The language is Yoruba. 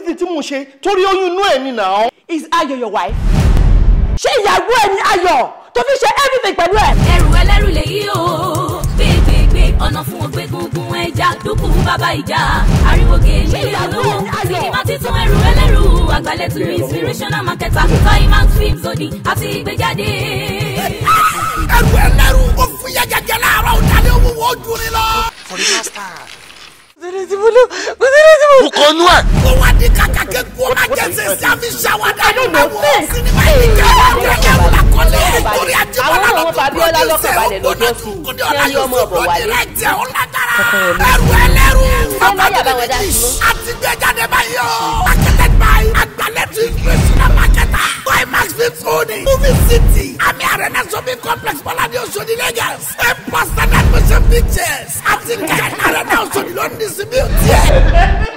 everything tí mo ṣe torí oyún inú ẹ̀ ni náà. is Ayọ̀ your wife? ṣé ìyàwó ẹ̀ ni Ayọ̀ tó fi ṣe everything pẹ̀lú ẹ̀. ẹrù ẹlẹ́rù lèyí o gbégbégbé ọ̀nà fún ògbé gungun ẹja dúkù bàbá ìjà ariwo gèlè olówó sinimá títún ẹrù ẹlẹ́rù àgbàlẹ̀tù inspirational marketer toy man films òdì àti ìgbéjáde. ẹrù ẹlẹ́rù ó fún yẹjẹjẹ láàárọ̀ ọ̀dàlẹ̀ owó ojú ni lọ. for the last time kú kó nú ẹ. ó wá di kàkà kí kú ọmọ jẹsẹ sáfì ṣàwádà àwọn sinimá yìí jẹ ọjọ́ yẹn ń lakọlẹ nítorí àjẹmọlá lọkọ pọdùsẹ ògbóná kúndé ọláyọsọ lọdìrẹ jẹ ọlágbára ẹrù ẹlẹrù ọmọ jẹjẹrẹ àti gbẹjáde báyìí ọ akẹtẹ báyìí agbalẹtù ìgbésùn àmàkẹta climax fifth owning movie city àmì arena shopping complex bọ́ládé Òṣòdì Lagos imposter and motion pictures àti kẹ́kẹ́ arena Òṣòdì ló ń distribute yẹ.